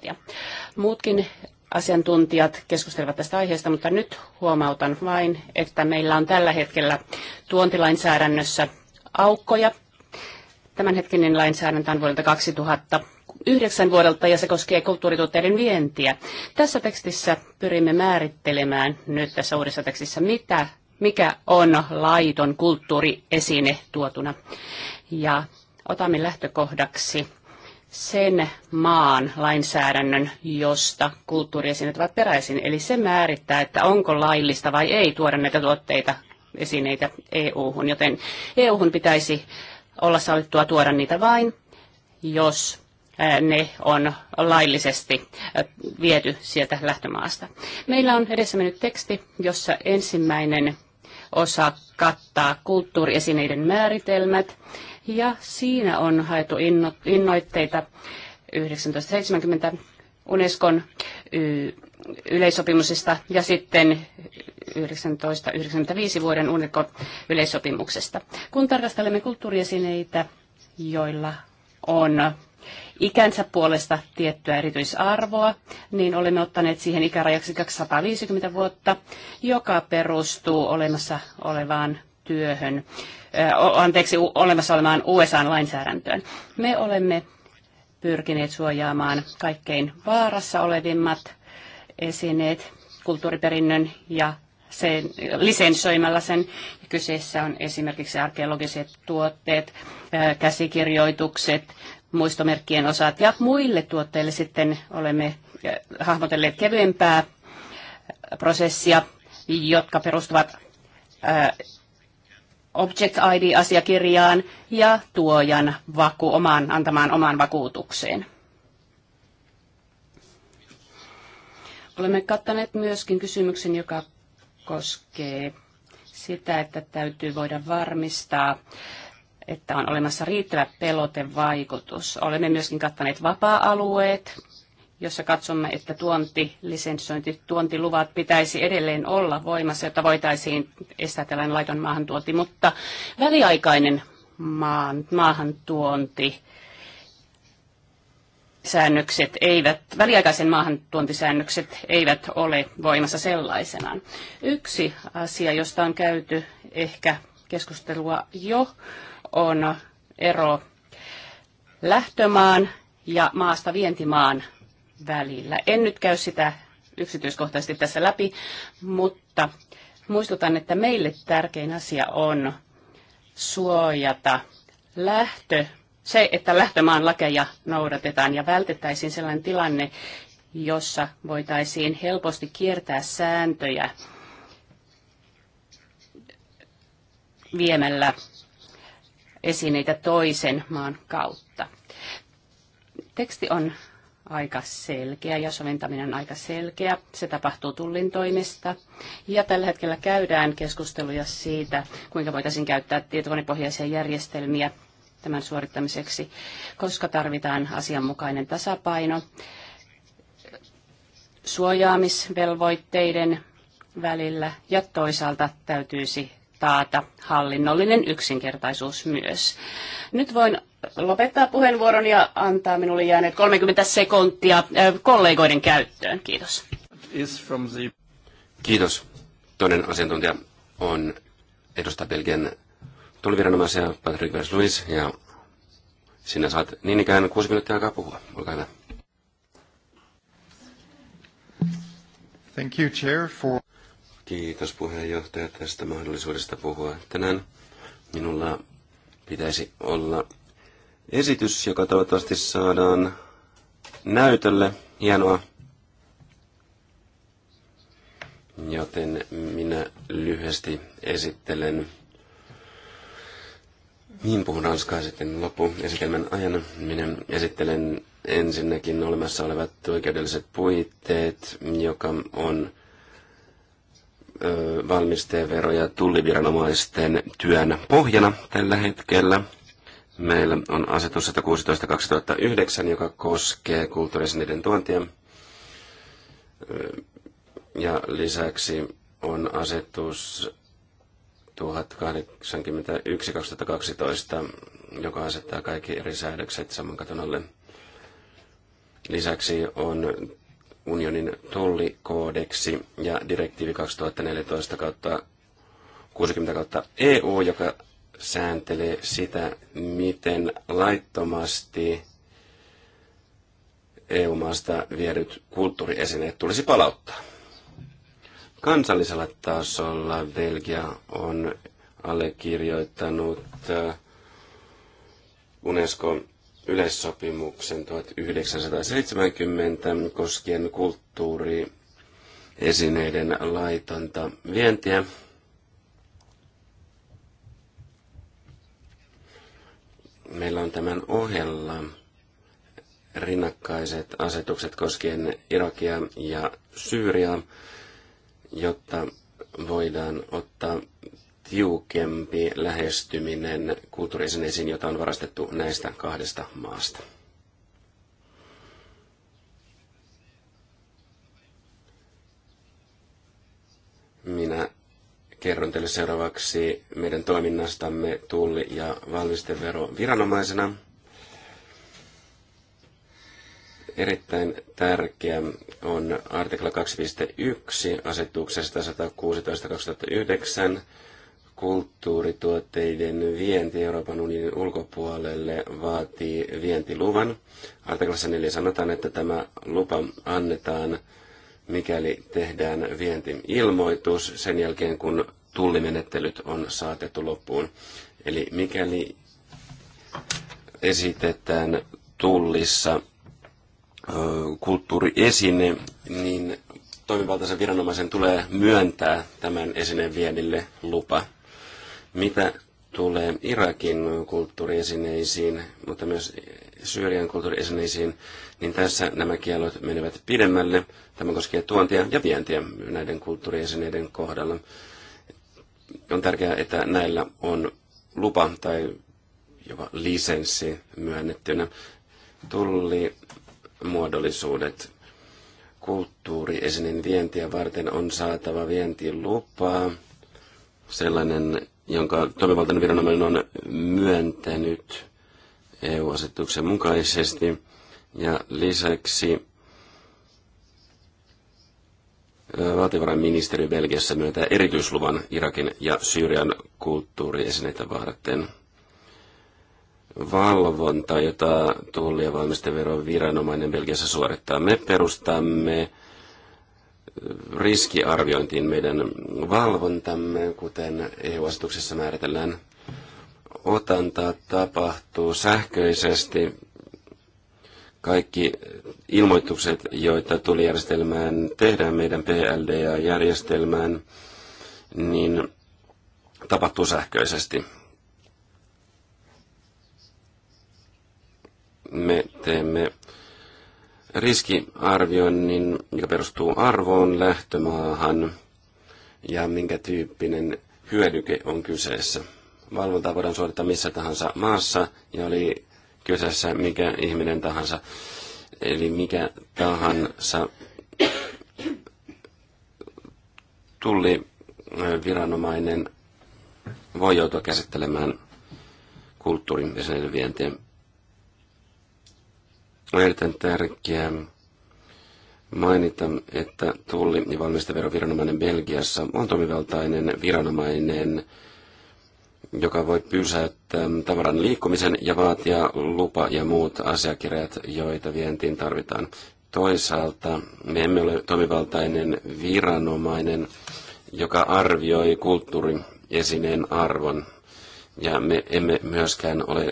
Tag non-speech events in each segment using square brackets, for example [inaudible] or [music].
tuotia. Muutkin asiantuntijat keskustelevat tästä aiheesta, mutta nyt huomautan vain, että meillä on tällä hetkellä tuontilainsäädännössä aukkoja. Tämänhetkinen lainsäädäntö on vuodelta 2000 yhdeksän vuodelta ja se koskee kulttuurituotteiden vientiä. Tässä tekstissä pyrimme määrittelemään nyt tässä uudessa tekstissä, mitä, mikä on laiton kulttuuriesine tuotuna. Ja otamme lähtökohdaksi sen maan lainsäädännön, josta kulttuuriesineet ovat peräisin. Eli se määrittää, että onko laillista vai ei tuoda näitä tuotteita, esineitä EU-hun. Joten EU-hun pitäisi olla sallittua tuoda niitä vain, jos ne on laillisesti viety sieltä lähtömaasta. Meillä on edessä mennyt teksti, jossa ensimmäinen osa kattaa kulttuuriesineiden määritelmät ja siinä on haettu inno, innoitteita 1970 Unescon yleissopimuksesta ja sitten 1995 vuoden Unescon yleissopimuksesta. Kun tarkastelemme kulttuuriesineitä, joilla on ikänsä puolesta tiettyä erityisarvoa, niin olemme ottaneet siihen ikärajaksi 250 vuotta, joka perustuu olemassa olevaan työhön anteeksi, olemassa olemaan USA-lainsäädäntöön. Me olemme pyrkineet suojaamaan kaikkein vaarassa olevimmat esineet kulttuuriperinnön ja sen, lisensoimalla sen. Kyseessä on esimerkiksi arkeologiset tuotteet, käsikirjoitukset, muistomerkkien osat ja muille tuotteille sitten olemme hahmotelleet kevyempää prosessia, jotka perustuvat Object ID-asiakirjaan ja tuojan vaku, omaan, antamaan omaan vakuutukseen. Olemme kattaneet myöskin kysymyksen, joka koskee sitä, että täytyy voida varmistaa, että on olemassa riittävä pelotevaikutus. Olemme myöskin kattaneet vapaa-alueet, jossa katsomme, että tuonti, tuontiluvat pitäisi edelleen olla voimassa, jotta voitaisiin estää tällainen laiton maahantuonti, mutta väliaikainen maan, maahantuonti, säännökset eivät, väliaikaisen maahantuontisäännökset eivät ole voimassa sellaisenaan. Yksi asia, josta on käyty ehkä keskustelua jo, on ero lähtömaan ja maasta vientimaan välillä. En nyt käy sitä yksityiskohtaisesti tässä läpi, mutta muistutan, että meille tärkein asia on suojata lähtö, se, että lähtömaan lakeja noudatetaan ja vältettäisiin sellainen tilanne, jossa voitaisiin helposti kiertää sääntöjä viemällä esineitä toisen maan kautta. Teksti on aika selkeä ja soventaminen aika selkeä. Se tapahtuu tullin toimesta. Ja tällä hetkellä käydään keskusteluja siitä, kuinka voitaisiin käyttää tietokonepohjaisia järjestelmiä tämän suorittamiseksi, koska tarvitaan asianmukainen tasapaino suojaamisvelvoitteiden välillä ja toisaalta täytyisi taata hallinnollinen yksinkertaisuus myös. Nyt voin lopettaa puheenvuoron ja antaa minulle jääneet 30 sekuntia kollegoiden käyttöön. Kiitos. Kiitos. Toinen asiantuntija on edustaja Belgian tulliviranomaisia Patrick Vers-Louis ja sinä saat niin ikään kuusi minuuttia aikaa puhua. Olkaa hyvä. Thank you, Chair, for... Kiitos puheenjohtaja tästä mahdollisuudesta puhua tänään. Minulla pitäisi olla esitys, joka toivottavasti saadaan näytölle. Hienoa. Joten minä lyhyesti esittelen, niin puhun ranskaa sitten esitelmän ajan. Minä esittelen ensinnäkin olemassa olevat oikeudelliset puitteet, joka on valmistevero- ja tulliviranomaisten työn pohjana tällä hetkellä. Meillä on asetus 116-2009, joka koskee kulttuurisen tuontia. Ja lisäksi on asetus 1081-2012, joka asettaa kaikki eri säädökset saman katon alle. Lisäksi on unionin tollikoodeksi ja direktiivi 2014 kautta 60 kautta EU, joka sääntelee sitä, miten laittomasti EU-maasta viedyt kulttuuriesineet tulisi palauttaa. Kansallisella tasolla Belgia on allekirjoittanut äh, Unescon yleissopimuksen 1970 koskien kulttuuriesineiden laitonta vientiä. Meillä on tämän ohella rinnakkaiset asetukset koskien Irakia ja Syyriaa, jotta voidaan ottaa tiukempi lähestyminen kulttuuriesineisiin, jota on varastettu näistä kahdesta maasta. Minä kerron teille seuraavaksi meidän toiminnastamme tulli- ja viranomaisena. Erittäin tärkeä on artikla 2.1 asetuksesta 116.2009 kulttuurituotteiden vienti Euroopan unionin ulkopuolelle vaatii vientiluvan. Artiklassa 4 sanotaan, että tämä lupa annetaan, mikäli tehdään vientiilmoitus sen jälkeen, kun tullimenettelyt on saatettu loppuun. Eli mikäli esitetään tullissa kulttuuriesine, niin toimivaltaisen viranomaisen tulee myöntää tämän esineen viennille lupa. Mitä tulee Irakin kulttuuriesineisiin, mutta myös Syyrian kulttuuriesineisiin, niin tässä nämä kielot menevät pidemmälle. Tämä koskee tuontia ja vientiä näiden kulttuuriesineiden kohdalla. On tärkeää, että näillä on lupa tai jopa lisenssi myönnettynä. Tulli muodollisuudet kulttuuriesineen vientiä varten on saatava vientilupaa. Sellainen jonka toimivaltainen viranomainen on myöntänyt EU-asetuksen mukaisesti. Ja lisäksi valtiovarainministeriö Belgiassa myöntää erityisluvan Irakin ja Syyrian kulttuuriesineitä varten. Valvonta, jota tulli- ja valmisteveron viranomainen Belgiassa suorittaa. Me perustamme riskiarviointiin meidän valvontamme, kuten EU-asetuksessa määritellään. Otanta tapahtuu sähköisesti. Kaikki ilmoitukset, joita tuli järjestelmään tehdään meidän PLDA-järjestelmään, niin tapahtuu sähköisesti. Me teemme riskiarvioinnin, joka perustuu arvoon lähtömaahan ja minkä tyyppinen hyödyke on kyseessä. Valvontaa voidaan suorittaa missä tahansa maassa ja oli kyseessä mikä ihminen tahansa. Eli mikä tahansa tulli viranomainen voi joutua käsittelemään kulttuurin ja sen vientien on erittäin tärkeää mainita, että tulli- ja valmisteveroviranomainen Belgiassa on toimivaltainen viranomainen, joka voi pysäyttää tavaran liikkumisen ja vaatia lupa ja muut asiakirjat, joita vientiin tarvitaan. Toisaalta me emme ole toimivaltainen viranomainen, joka arvioi kulttuuriesineen arvon, ja me emme myöskään ole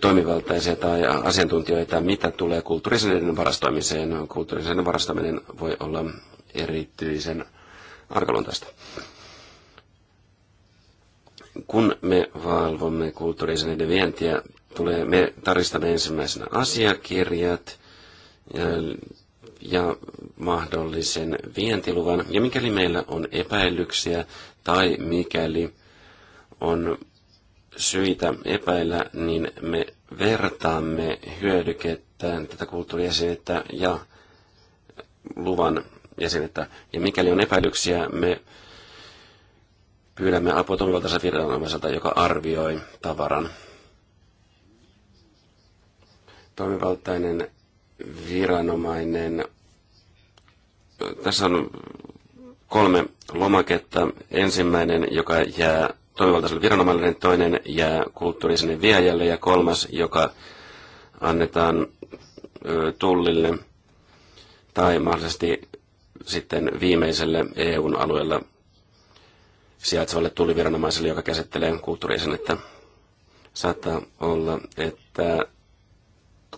toimivaltaisia tai asiantuntijoita, mitä tulee kulttuurisen varastoimiseen. Kulttuurisen varastaminen voi olla erityisen arkaluontaista. Kun me valvomme kulttuurisen vientiä, tulee, me tarvistamme ensimmäisenä asiakirjat ja, ja mahdollisen vientiluvan. Ja mikäli meillä on epäilyksiä tai mikäli on syitä epäillä, niin me vertaamme hyödykettä tätä kulttuurijäsenettä ja luvan jäsenettä. Ja mikäli on epäilyksiä, me pyydämme apua toimivaltaisesta viranomaiselta, joka arvioi tavaran. Toimivaltainen viranomainen. Tässä on kolme lomaketta. Ensimmäinen, joka jää toimivaltaiselle viranomainen, toinen jää kulttuuriselle viejälle ja kolmas, joka annetaan tullille tai mahdollisesti sitten viimeiselle EUn alueella sijaitsevalle tulliviranomaiselle, joka käsittelee kulttuurisen, että Saattaa olla, että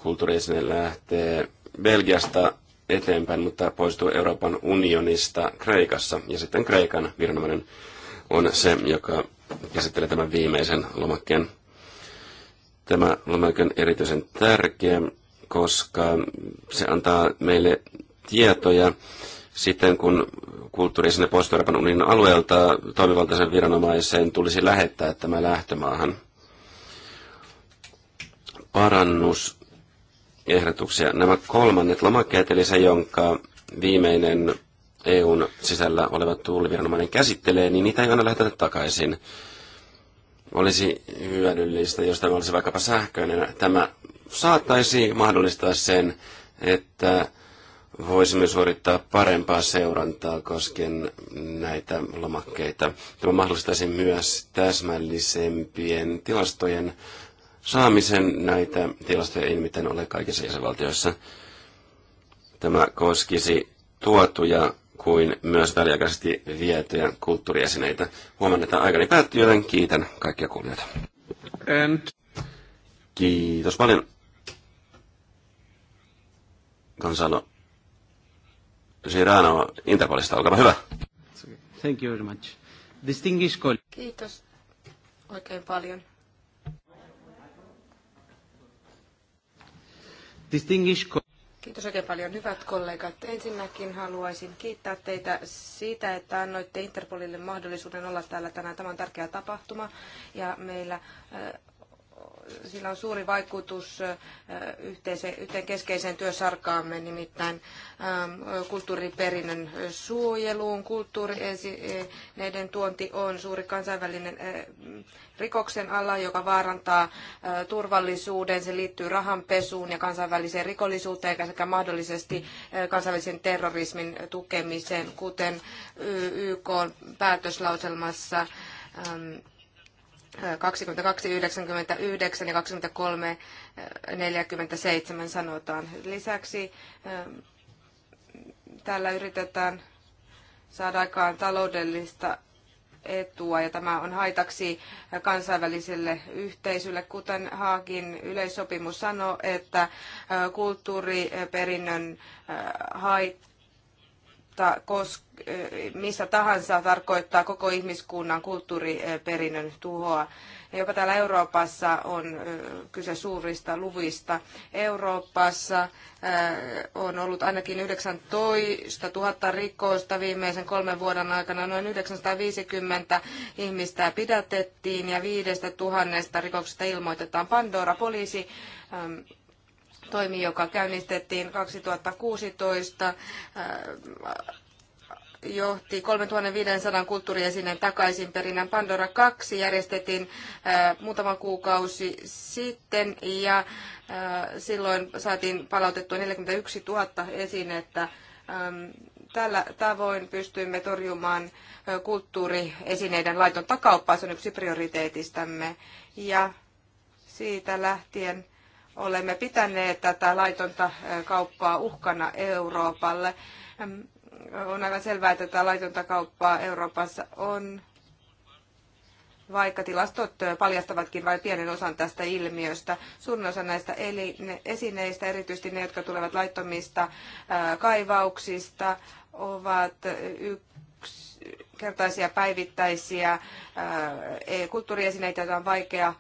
kulttuurisen lähtee Belgiasta eteenpäin, mutta poistuu Euroopan unionista Kreikassa. Ja sitten Kreikan viranomainen on se, joka käsittelee tämän viimeisen lomakkeen. Tämä lomake on erityisen tärkeä, koska se antaa meille tietoja sitten, kun kulttuuri sinne pohjois Euroopan unionin alueelta toimivaltaisen viranomaisen tulisi lähettää tämä lähtömaahan. Parannus ehdotuksia. Nämä kolmannet lomakkeet, eli se, jonka viimeinen EUn sisällä oleva tuuliviranomainen käsittelee, niin niitä ei aina lähetetä takaisin. Olisi hyödyllistä, jos tämä olisi vaikkapa sähköinen. Tämä saattaisi mahdollistaa sen, että voisimme suorittaa parempaa seurantaa koskien näitä lomakkeita. Tämä mahdollistaisi myös täsmällisempien tilastojen saamisen. Näitä tilastoja ei nimittäin ole kaikissa jäsenvaltioissa. Tämä koskisi tuotuja kuin myös väliaikaisesti vietyjä kulttuuriesineitä. Huomenna tämä aikani päättyy, joten kiitän kaikkia kuulijoita. And... Kiitos paljon. Gonzalo Girano Interpolista, olkaa hyvä. Thank you very much. Distinguished colleague. Kiitos oikein paljon. Distinguished Kiitos oikein paljon, hyvät kollegat. Ensinnäkin haluaisin kiittää teitä siitä, että annoitte Interpolille mahdollisuuden olla täällä tänään. Tämä on tärkeä tapahtuma ja meillä sillä on suuri vaikutus yhteiseen, yhteen keskeiseen työsarkaamme, nimittäin ähm, kulttuuriperinnön suojeluun. Kulttuuriesineiden tuonti on suuri kansainvälinen rikoksen ala, joka vaarantaa turvallisuuden. Se liittyy rahanpesuun ja kansainväliseen rikollisuuteen sekä mahdollisesti kansainvälisen terrorismin tukemiseen, kuten YK päätöslauselmassa ähm, 22.99 ja 23.47 sanotaan. Lisäksi ähm, tällä yritetään saada aikaan taloudellista etua ja tämä on haitaksi kansainväliselle yhteisölle, kuten Haagin yleissopimus sanoo, että äh, kulttuuriperinnön äh, haitta mutta kos, eh, missä tahansa tarkoittaa koko ihmiskunnan kulttuuriperinnön tuhoa. Jopa täällä Euroopassa on eh, kyse suurista luvista. Euroopassa eh, on ollut ainakin 19 000 rikosta viimeisen kolmen vuoden aikana. Noin 950 ihmistä pidätettiin ja 5 000 rikoksesta ilmoitetaan. Pandora poliisi toimi, joka käynnistettiin 2016, äh, johti 3500 kulttuuriesineen takaisin perinnän Pandora 2 järjestettiin äh, muutama kuukausi sitten ja äh, silloin saatiin palautettua 41 000 esinettä. Ähm, tällä tavoin pystyimme torjumaan kulttuuriesineiden laiton takauppaa, se on yksi prioriteetistamme ja siitä lähtien olemme pitäneet tätä laitonta kauppaa uhkana Euroopalle. On aivan selvää, että tätä laitonta kauppaa Euroopassa on, vaikka tilastot paljastavatkin vain pienen osan tästä ilmiöstä. Suurin osa näistä esineistä, erityisesti ne, jotka tulevat laittomista kaivauksista, ovat yksinkertaisia päivittäisiä kulttuuriesineitä, joita on vaikea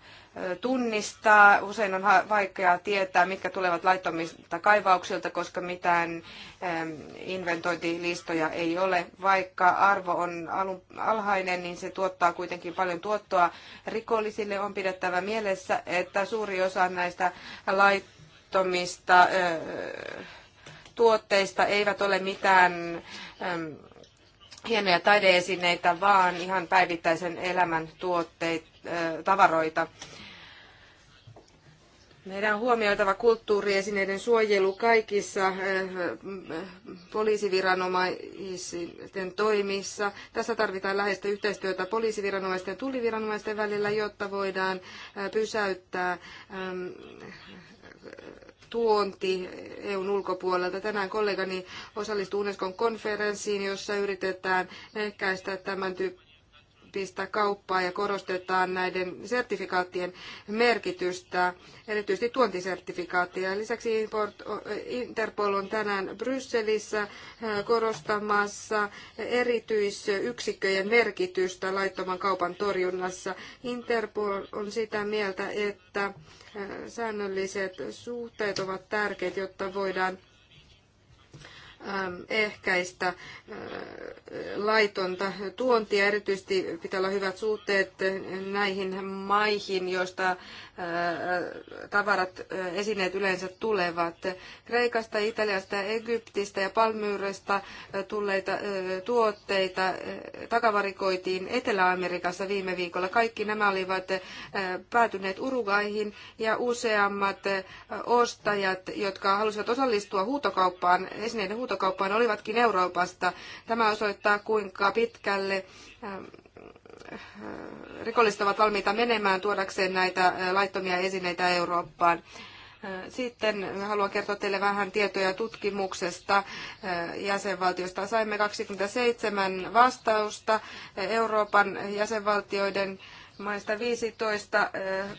tunnistaa. Usein on vaikeaa tietää, mitkä tulevat laittomista kaivauksilta, koska mitään ähm, inventointilistoja ei ole. Vaikka arvo on alhainen, niin se tuottaa kuitenkin paljon tuottoa. Rikollisille on pidettävä mielessä, että suuri osa näistä laittomista äh, tuotteista eivät ole mitään ähm, hienoja taideesineitä, vaan ihan päivittäisen elämän tuotteita, äh, tavaroita. Meidän on huomioitava kulttuuriesineiden suojelu kaikissa eh, eh, poliisiviranomaisten toimissa. Tässä tarvitaan läheistä yhteistyötä poliisiviranomaisten ja tulliviranomaisten välillä, jotta voidaan eh, pysäyttää ehm, tuonti EUn ulkopuolelta. Tänään kollegani osallistuu Unescon konferenssiin, jossa yritetään ehkäistä tämän tyyppistä pistää kauppaa ja korostetaan näiden sertifikaattien merkitystä, erityisesti tuontisertifikaattia. Lisäksi Interpol on tänään Brysselissä korostamassa erityisyksikköjen merkitystä laittoman kaupan torjunnassa. Interpol on sitä mieltä, että säännölliset suhteet ovat tärkeitä, jotta voidaan Ähm, ehkäistä äh, laitonta tuontia. Erityisesti pitää olla hyvät suhteet näihin maihin, joista äh, tavarat, äh, esineet yleensä tulevat. Kreikasta, Italiasta Egyptistä ja Palmyyrestä tulleita tuotteita takavarikoitiin Etelä-Amerikassa viime viikolla. Kaikki nämä olivat päätyneet Uruguayhin ja useammat ostajat, jotka halusivat osallistua huutokauppaan, esineiden huutokauppaan, huutokauppaan olivatkin Euroopasta. Tämä osoittaa, kuinka pitkälle ähm, äh, rikolliset ovat valmiita menemään tuodakseen näitä äh, laittomia esineitä Eurooppaan. Äh, sitten haluan kertoa teille vähän tietoja tutkimuksesta jäsenvaltiosta. Saimme 27 vastausta Euroopan jäsenvaltioiden maista 15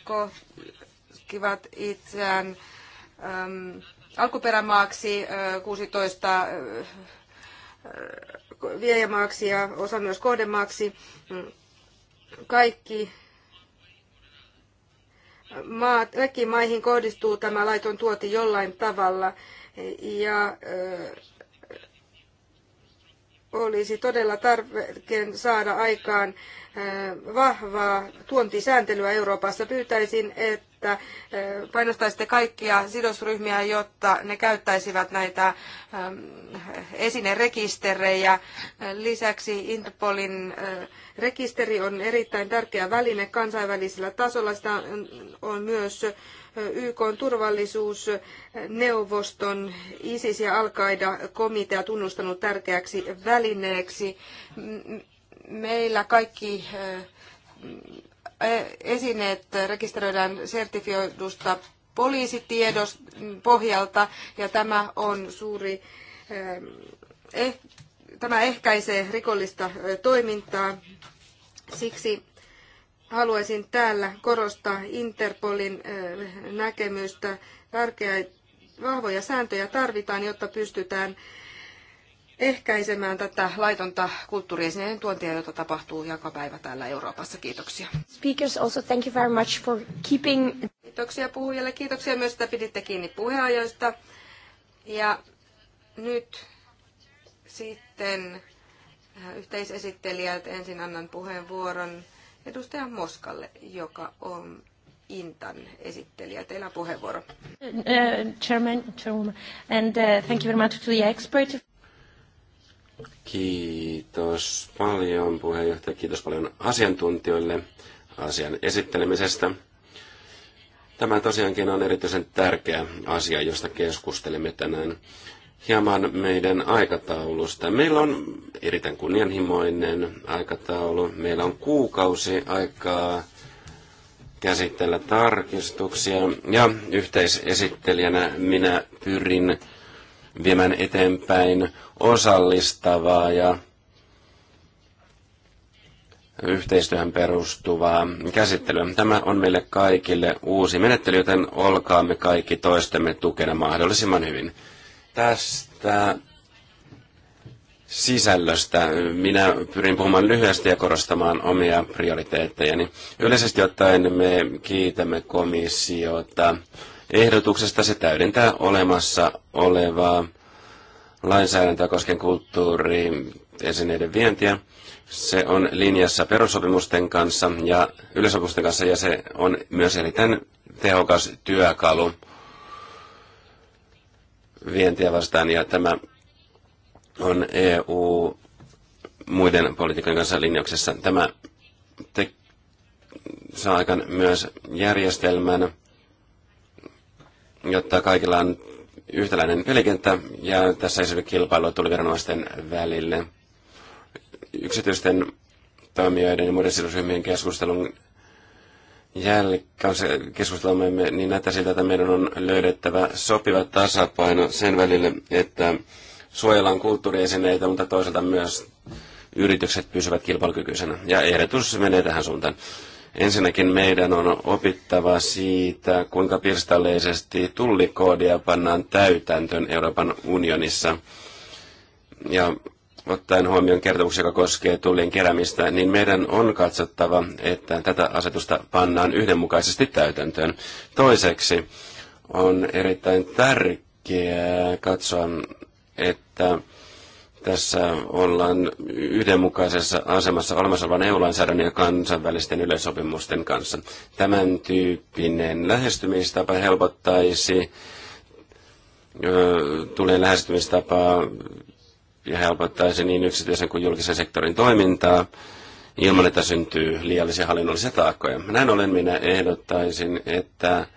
kohtivat itseään ähm, alkuperämaaksi, 16 viejämaaksi ja osa myös kohdemaaksi. Kaikki maat, kaikkiin maihin kohdistuu tämä laiton tuoti jollain tavalla. Ja olisi todella tarpeen saada aikaan vahvaa tuontisääntelyä Euroopassa. Pyytäisin, että että painostaisitte kaikkia sidosryhmiä, jotta ne käyttäisivät näitä esinerekisterejä. Lisäksi Interpolin rekisteri on erittäin tärkeä väline kansainvälisellä tasolla. Sitä on myös YK turvallisuusneuvoston ISIS- ja Al-Qaida-komitea tunnustanut tärkeäksi välineeksi. Meillä kaikki esineet rekisteröidään sertifioidusta poliisitiedos mm, pohjalta ja tämä on suuri, ähm, eh, tämä ehkäisee rikollista toimintaa. Siksi haluaisin täällä korostaa Interpolin näkemystä. Tärkeää, vahvoja sääntöjä tarvitaan, jotta pystytään ehkäisemään tätä laitonta kulttuuriesineiden tuontia, jota tapahtuu joka päivä täällä Euroopassa. Kiitoksia. Speakers also thank you very much for keeping... Kiitoksia puhujille. Kiitoksia myös, että piditte kiinni puheajoista. Ja nyt sitten äh, yhteisesittelijät. Ensin annan puheenvuoron edustaja Moskalle, joka on Intan esittelijä. Teillä on puheenvuoro. Uh, chairman, chairman, and uh, thank you very much to the expert. Kiitos paljon puheenjohtaja, kiitos paljon asiantuntijoille asian esittelemisestä. Tämä tosiaankin on erityisen tärkeä asia, josta keskustelemme tänään hieman meidän aikataulusta. Meillä on erittäin kunnianhimoinen aikataulu. Meillä on kuukausi aikaa käsitellä tarkistuksia ja yhteisesittelijänä minä pyrin viemään eteenpäin osallistavaa ja yhteistyöhön perustuvaa käsittelyä. Tämä on meille kaikille uusi menettely, joten olkaamme kaikki toistemme tukena mahdollisimman hyvin. Tästä sisällöstä minä pyrin puhumaan lyhyesti ja korostamaan omia prioriteettejani. Yleisesti ottaen me kiitämme komissiota ehdotuksesta. Se täydentää olemassa olevaa lainsäädäntöä kosken esineiden vientiä. Se on linjassa perussopimusten kanssa ja yleisopimusten kanssa ja se on myös erittäin tehokas työkalu vientiä vastaan ja tämä on EU muiden politiikan kanssa linjauksessa. Tämä te- saa aikaan myös järjestelmän, jotta kaikilla on yhtäläinen pelikenttä ja tässä esimerkiksi synny tuli viranomaisten välille. Yksityisten toimijoiden ja muiden sidosryhmien keskustelun jälkeen keskustelumme niin näyttää siltä, että meidän on löydettävä sopiva tasapaino sen välille, että suojellaan kulttuuriesineitä, mutta toisaalta myös yritykset pysyvät kilpailukykyisenä. Ja ehdotus menee tähän suuntaan. Ensinnäkin meidän on opittava siitä, kuinka pirstaleisesti tullikoodia pannaan täytäntöön Euroopan unionissa. Ja ottaen huomioon kertomuksen, joka koskee tullien keräämistä, niin meidän on katsottava, että tätä asetusta pannaan yhdenmukaisesti täytäntöön. Toiseksi on erittäin tärkeää katsoa, että tässä ollaan yhdenmukaisessa asemassa olemassa olevan EU-lainsäädännön ja kansainvälisten yleisopimusten kanssa. Tämän tyyppinen lähestymistapa helpottaisi tulee lähestymistapaa ja helpottaisi niin yksityisen kuin julkisen sektorin toimintaa ilman, että syntyy liiallisia hallinnollisia taakkoja. Näin ollen minä ehdottaisin, että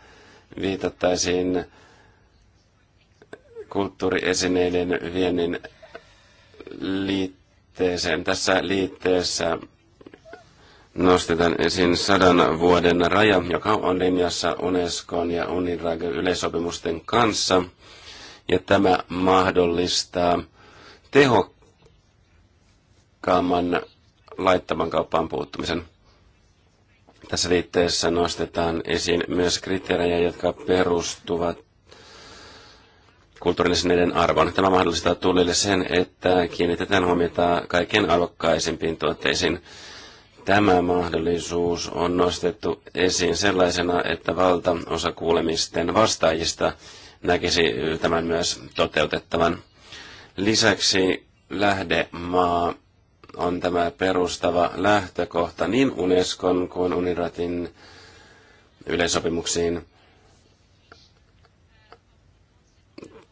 viitattaisiin kulttuuriesineiden viennin liitteeseen. Tässä liitteessä nostetaan esiin sadan vuoden raja, joka on linjassa Unescon ja UNIRAG yleisopimusten kanssa. Ja tämä mahdollistaa tehokkaamman laittaman kauppaan puuttumisen. Tässä liitteessä nostetaan esiin myös kriteerejä, jotka perustuvat kulttuurillisen eden arvon. Tämä mahdollistaa tullille sen, että kiinnitetään huomiota kaiken arvokkaisimpiin tuotteisiin. Tämä mahdollisuus on nostettu esiin sellaisena, että valtaosa kuulemisten vastaajista näkisi tämän myös toteutettavan. Lisäksi lähdemaa on tämä perustava lähtökohta niin Unescon kuin Uniratin yleisopimuksiin –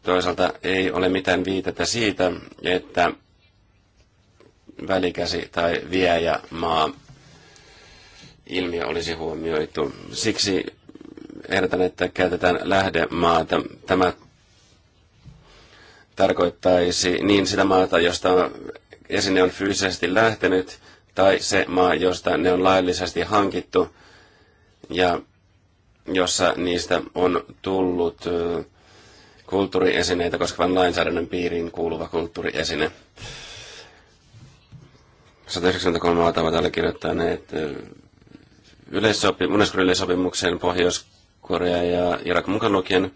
Toisaalta ei ole mitään viitettä siitä, että välikäsi tai viejä maa ilmiö olisi huomioitu. Siksi ehdotan, että käytetään lähdemaata. Tämä tarkoittaisi niin sitä maata, josta esine on fyysisesti lähtenyt, tai se maa, josta ne on laillisesti hankittu, ja jossa niistä on tullut kulttuuriesineitä koskevan lainsäädännön piiriin kuuluva kulttuuriesine. 193 maata ovat allekirjoittaneet yleissopi, Unescon yleissopimuksen Pohjois-Korea ja Irak mukaan lukien,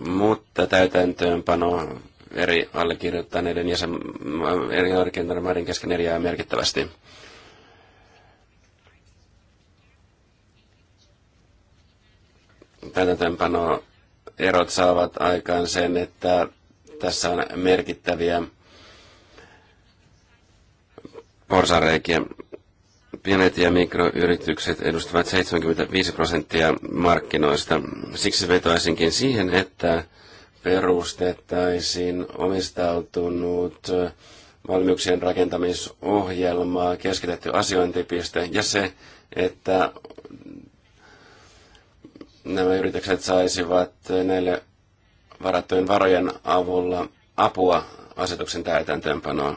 mutta täytäntöönpano eri allekirjoittaneiden ja eri allekirjoittaneiden maiden kesken eriää merkittävästi. Täytäntöönpano erot saavat aikaan sen, että tässä on merkittäviä porsareikiä. Pienet ja mikroyritykset edustavat 75 prosenttia markkinoista. Siksi vetoaisinkin siihen, että perustettaisiin omistautunut valmiuksien rakentamisohjelmaa, keskitetty asiointipiste ja se, että nämä yritykset saisivat näille varattujen varojen avulla apua asetuksen täytäntöönpanoon.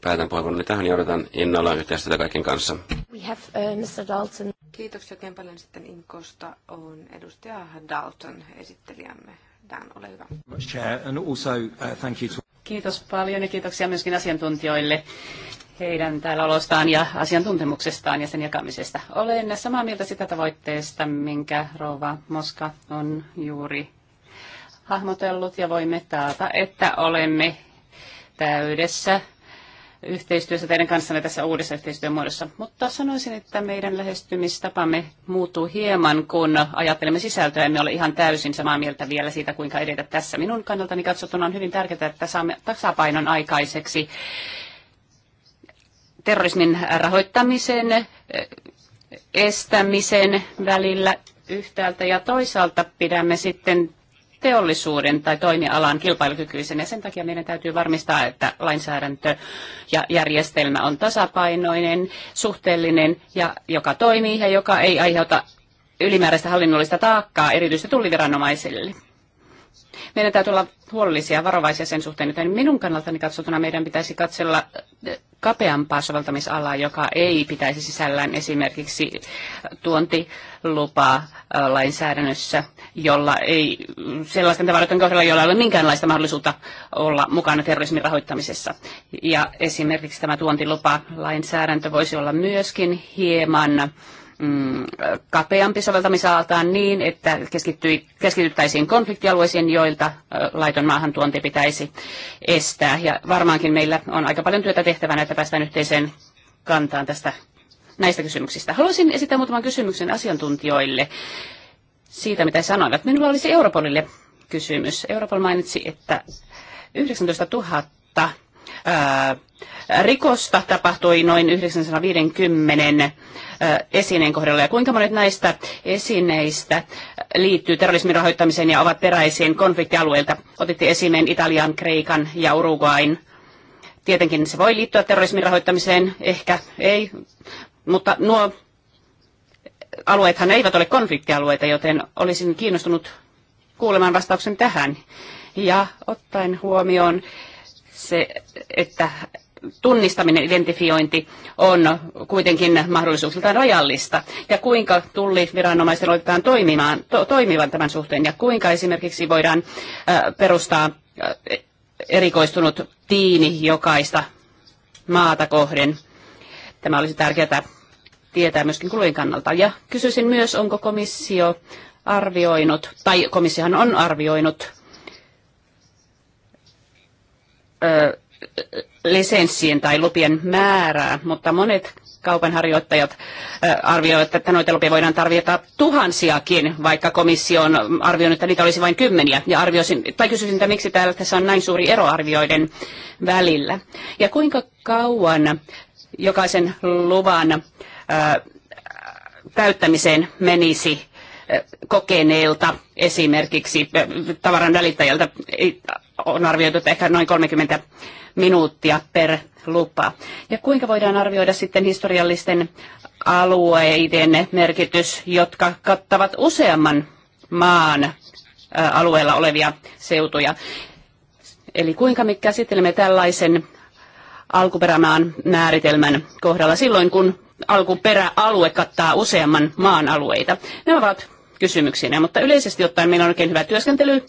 Päätän niin tähän joudutaan innolla yhteistyötä kaikkien kanssa. We have, uh, Mr. Dalton. Kiitoksia oikein paljon sitten Inkosta on edustaja Dalton esittelijämme. Dan, ole hyvä. Uh, Kiitos paljon ja kiitoksia myöskin asiantuntijoille heidän täällä olostaan ja asiantuntemuksestaan ja sen jakamisesta. Olen samaa mieltä sitä tavoitteesta, minkä Rova Moska on juuri hahmotellut ja voimme taata, että olemme täydessä yhteistyössä teidän kanssanne tässä uudessa yhteistyömuodossa. Mutta sanoisin, että meidän lähestymistapamme muuttuu hieman, kun ajattelemme sisältöä. Emme ole ihan täysin samaa mieltä vielä siitä, kuinka edetä tässä. Minun kannaltani katsottuna on hyvin tärkeää, että saamme tasapainon aikaiseksi terrorismin rahoittamisen eh, estämisen välillä yhtäältä ja toisaalta pidämme sitten teollisuuden tai toimialan kilpailukykyisen. Ja sen takia meidän täytyy varmistaa, että lainsäädäntö ja järjestelmä on tasapainoinen, suhteellinen ja joka toimii ja joka ei aiheuta ylimääräistä hallinnollista taakkaa erityisesti tulliviranomaisille. Meidän täytyy olla huolellisia varovaisia sen suhteen, että minun kannaltani katsotuna meidän pitäisi katsella kapeampaa soveltamisalaa, joka ei pitäisi sisällään esimerkiksi tuontilupaa lainsäädännössä, jolla ei sellaisten tavaroiden kohdalla, jolla ei ole minkäänlaista mahdollisuutta olla mukana terrorismin rahoittamisessa. Ja esimerkiksi tämä tuontilupa lainsäädäntö voisi olla myöskin hieman mm, kapeampi soveltamisaltaan niin, että keskityttäisiin konfliktialueisiin, joilta laiton maahantuonti pitäisi estää. Ja varmaankin meillä on aika paljon työtä tehtävänä, että päästään yhteiseen kantaan tästä näistä kysymyksistä. Haluaisin esittää muutaman kysymyksen asiantuntijoille siitä, mitä sanoivat. Minulla olisi Europolille kysymys. Europol mainitsi, että 19 000 rikosta tapahtui noin 950 esineen kohdalla. Ja kuinka monet näistä esineistä liittyy terrorismin rahoittamiseen ja ovat peräisin konfliktialueilta? Otitte esineen Italian, Kreikan ja Uruguain. Tietenkin se voi liittyä terrorismin rahoittamiseen, ehkä ei, mutta nuo alueethan eivät ole konfliktialueita, joten olisin kiinnostunut kuulemaan vastauksen tähän. Ja ottaen huomioon se, että tunnistaminen, identifiointi on kuitenkin mahdollisuuksiltaan rajallista. Ja kuinka tulliviranomaisten otetaan toimimaan, to, toimivan tämän suhteen ja kuinka esimerkiksi voidaan ä, perustaa ä, erikoistunut tiimi jokaista maata kohden. Tämä olisi tärkeää tietää myöskin kulujen kannalta. Ja kysyisin myös, onko komissio arvioinut, tai komissiohan on arvioinut lisenssien tai lupien määrää, mutta monet kaupanharjoittajat arvioivat, että noita lupia voidaan tarvita tuhansiakin, vaikka komissio on arvioinut, että niitä olisi vain kymmeniä. Ja arvioisin, tai kysyisin, että miksi täällä tässä on näin suuri ero arvioiden välillä. Ja kuinka kauan jokaisen luvan täyttämiseen menisi kokeneelta esimerkiksi tavaran välittäjältä on arvioitu, että ehkä noin 30 minuuttia per lupa. Ja kuinka voidaan arvioida sitten historiallisten alueiden merkitys, jotka kattavat useamman maan alueella olevia seutuja. Eli kuinka me käsittelemme tällaisen alkuperämaan määritelmän kohdalla silloin, kun alkuperäalue kattaa useamman maan alueita. Nämä ovat kysymyksinä. Mutta yleisesti ottaen meillä on oikein hyvä työskentely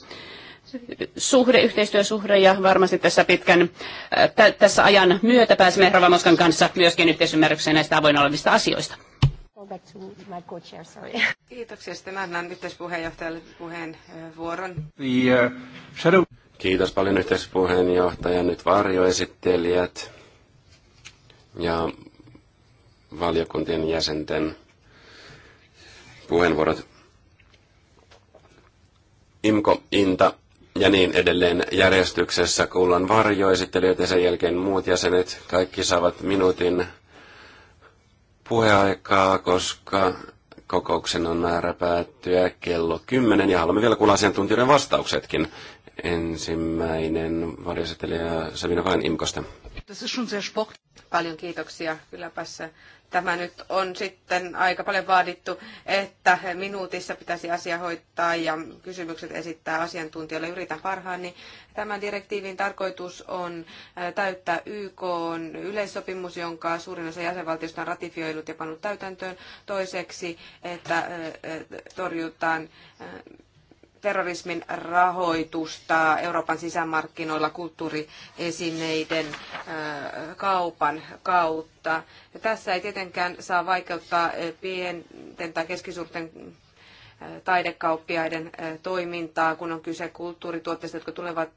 suhde, yhteistyösuhde ja varmasti tässä pitkän, äh, tä, tässä ajan myötä pääsemme Rova Moskan kanssa myöskin yhteisymmärrykseen näistä avoinna olevista asioista. Kiitoksia. Sitten annan yhteispuheenjohtajalle puheenvuoron. Äh, uh, Kiitos paljon yhteispuheenjohtaja, nyt varjoesittelijät ja valiokuntien jäsenten puheenvuorot. IMKO, INTA ja niin edelleen järjestyksessä kuullaan varjoesittelijät ja sen jälkeen muut jäsenet. Kaikki saavat minuutin puheaikaa, koska kokouksen on määrä päättyä kello 10 ja haluamme vielä kuulla asiantuntijoiden vastauksetkin. Ensimmäinen varjoesittelijä Savina Vain Imkosta. Paljon kiitoksia. se tämä nyt on sitten aika paljon vaadittu, että minuutissa pitäisi asia hoitaa ja kysymykset esittää asiantuntijalle. Yritän parhaani. Tämän direktiivin tarkoitus on täyttää YK on yleissopimus, jonka suurin osa jäsenvaltiosta on ratifioinut ja pannut täytäntöön. Toiseksi, että torjutaan terrorismin rahoitusta Euroopan sisämarkkinoilla kulttuuriesineiden äh, kaupan kautta. Ja tässä ei tietenkään saa vaikeuttaa äh, pienten tai keskisuurten äh, taidekauppiaiden toimintaa, kun on kyse kulttuurituotteista, jotka tulevat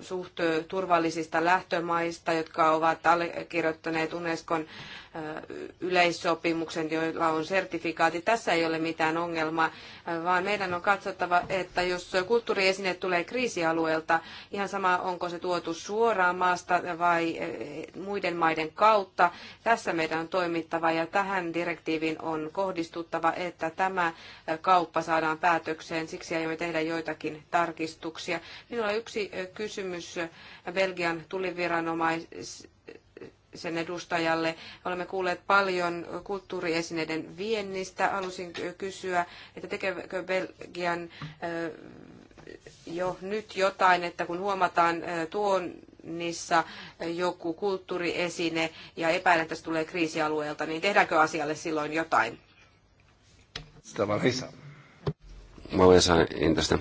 suht turvallisista lähtömaista, jotka ovat allekirjoittaneet Unescon yleissopimuksen, joilla on sertifikaatti. Tässä ei ole mitään ongelmaa, vaan meidän on katsottava, että jos kulttuuriesine tulee kriisialueelta, ihan sama onko se tuotu suoraan maasta vai muiden maiden kautta, tässä meidän on toimittava ja tähän direktiivin on kohdistuttava, että tämä kauppa saadaan päätökseen. Siksi aiomme tehdä joitakin tarkistuksia. Minulla on yksi kysymys kysymys Belgian tulliviranomaisen edustajalle. Olemme kuulleet paljon kulttuuriesineiden viennistä. Halusin kysyä, että tekeekö Belgian jo nyt jotain, että kun huomataan tuon niissä joku kulttuuriesine ja epäilen, että se tulee kriisialueelta, niin tehdäänkö asialle silloin jotain? Stavalisa. Mauensa Intosta.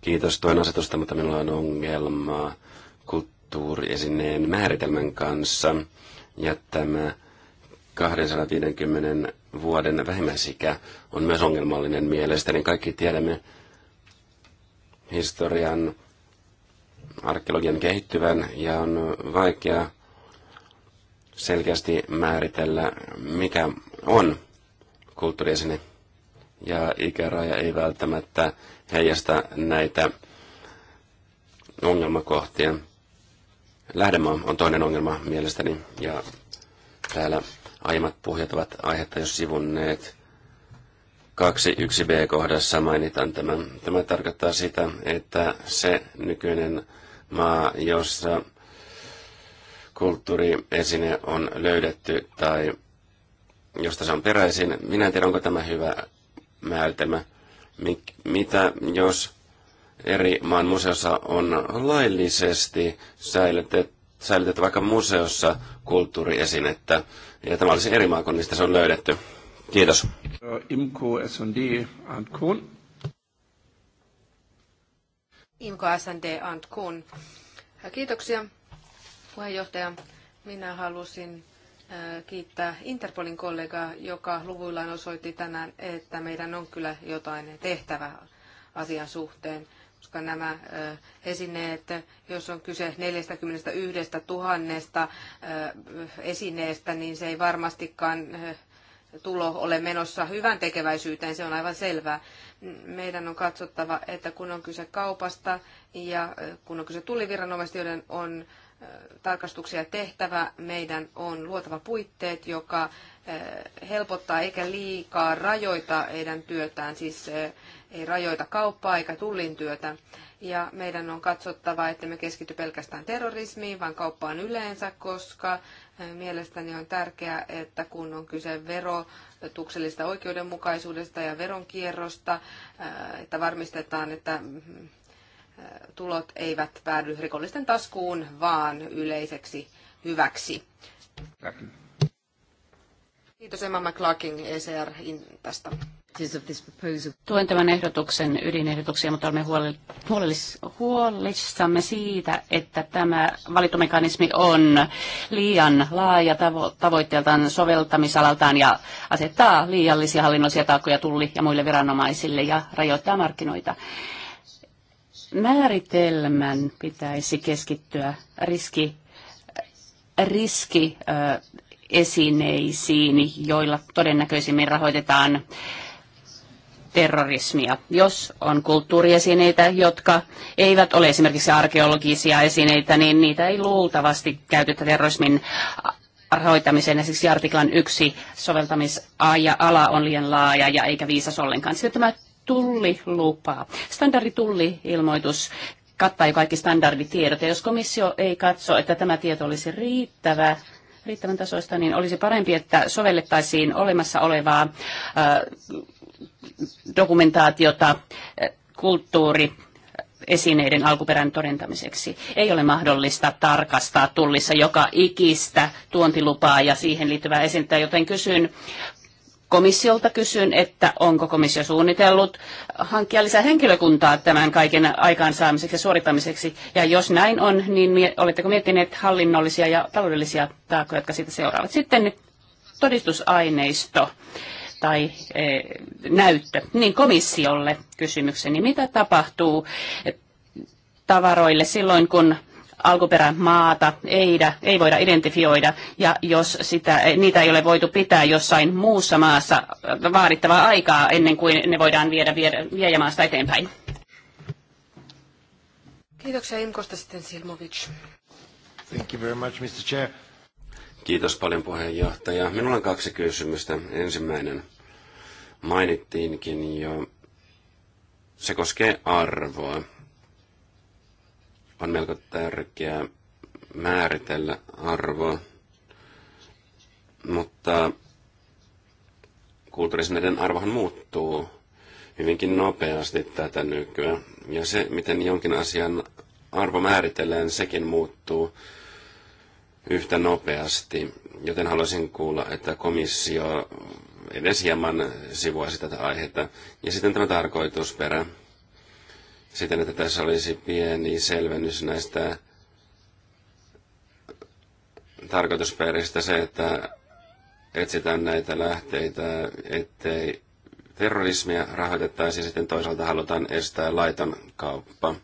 Kiitos tuen asetusta, mutta minulla on ongelmaa kulttuuriesineen määritelmän kanssa. Ja tämä 250 vuoden vähimmäisikä on myös ongelmallinen mielestäni. Niin kaikki tiedämme historian arkeologian kehittyvän ja on vaikea selkeästi määritellä, mikä on kulttuuriesine ja ikäraja ei välttämättä heijasta näitä ongelmakohtia. Lähdemaa on toinen ongelma mielestäni, ja täällä aiemmat puhujat ovat aihetta jo sivunneet. 2.1b-kohdassa mainitaan tämä. Tämä tarkoittaa sitä, että se nykyinen maa, jossa kulttuuriesine on löydetty tai josta se on peräisin. Minä en tiedä, onko tämä hyvä määritelmä. Mik, mitä jos eri maan museossa on laillisesti säilytetty säilytetty vaikka museossa kulttuuriesinettä, ja tämä olisi eri maa, kun niistä se on löydetty. Kiitos. Äh, Imko S&D and Imko S&D and Kuhn. Kiitoksia puheenjohtaja. Minä halusin Äh, kiittää Interpolin kollegaa, joka luvuillaan osoitti tänään, että meidän on kyllä jotain tehtävä asian suhteen, koska nämä äh, esineet, jos on kyse 41 000 äh, esineestä, niin se ei varmastikaan tulo ole menossa hyvän tekeväisyyteen, se on aivan selvää. Meidän on katsottava, että kun on kyse kaupasta ja kun on kyse tulliviranomaisista, joiden on tarkastuksia tehtävä. Meidän on luotava puitteet, joka eh, helpottaa eikä liikaa rajoita heidän työtään, siis eh, ei rajoita kauppaa eikä tullin työtä. Ja meidän on katsottava, että me keskity pelkästään terrorismiin, vaan kauppaan yleensä, koska eh, mielestäni on tärkeää, että kun on kyse verotuksellisesta oikeudenmukaisuudesta ja veronkierrosta, että varmistetaan, että mm, tulot eivät päädy rikollisten taskuun, vaan yleiseksi hyväksi. Kiitos Emma McClarkin ECR tästä. Tuen tämän ehdotuksen ydinehdotuksia, mutta olemme huolellis, huolissamme siitä, että tämä valitumekanismi on liian laaja tavo, tavoitteeltaan soveltamisalaltaan ja asettaa liiallisia hallinnollisia taakkoja tulli ja muille viranomaisille ja rajoittaa markkinoita määritelmän pitäisi keskittyä riski, riski esineisiin, joilla todennäköisimmin rahoitetaan terrorismia. Jos on kulttuuriesineitä, jotka eivät ole esimerkiksi arkeologisia esineitä, niin niitä ei luultavasti käytetä terrorismin rahoitamiseen. Esimerkiksi artiklan yksi soveltamisala on liian laaja ja eikä viisas ollenkaan. Sitten tämä standardi Standarditulli-ilmoitus kattaa jo kaikki standarditiedot, ja jos komissio ei katso, että tämä tieto olisi riittävä, riittävän tasoista, niin olisi parempi, että sovellettaisiin olemassa olevaa äh, dokumentaatiota äh, kulttuuri esineiden alkuperän todentamiseksi. Ei ole mahdollista tarkastaa tullissa joka ikistä tuontilupaa ja siihen liittyvää esintää, joten kysyn komissiolta kysyn, että onko komissio suunnitellut hankkia lisää henkilökuntaa tämän kaiken aikaansaamiseksi ja suorittamiseksi. Ja jos näin on, niin oletteko miettineet hallinnollisia ja taloudellisia taakkoja, jotka siitä seuraavat? Sitten todistusaineisto tai e, näyttö. Niin komissiolle kysymykseni, mitä tapahtuu tavaroille silloin, kun alkuperämaata maata ei, voida identifioida, ja jos sitä, niitä ei ole voitu pitää jossain muussa maassa äh, vaadittavaa aikaa ennen kuin ne voidaan viedä, viedä viejämaasta eteenpäin. Kiitoksia Imkosta sitten Silmovic. Thank you very much, Mr. Chair. Kiitos paljon puheenjohtaja. Minulla on kaksi kysymystä. Ensimmäinen mainittiinkin jo. Se koskee arvoa on melko tärkeää määritellä arvo, mutta kulttuurisen arvohan muuttuu hyvinkin nopeasti tätä nykyään. Ja se, miten jonkin asian arvo määritellään, sekin muuttuu yhtä nopeasti. Joten haluaisin kuulla, että komissio edes hieman sivuaisi tätä aihetta. Ja sitten tämä tarkoitusperä siten, että tässä olisi pieni selvennys näistä tarkoitusperistä se, että etsitään näitä lähteitä, ettei terrorismia rahoitettaisi ja sitten toisaalta halutaan estää laiton kauppa.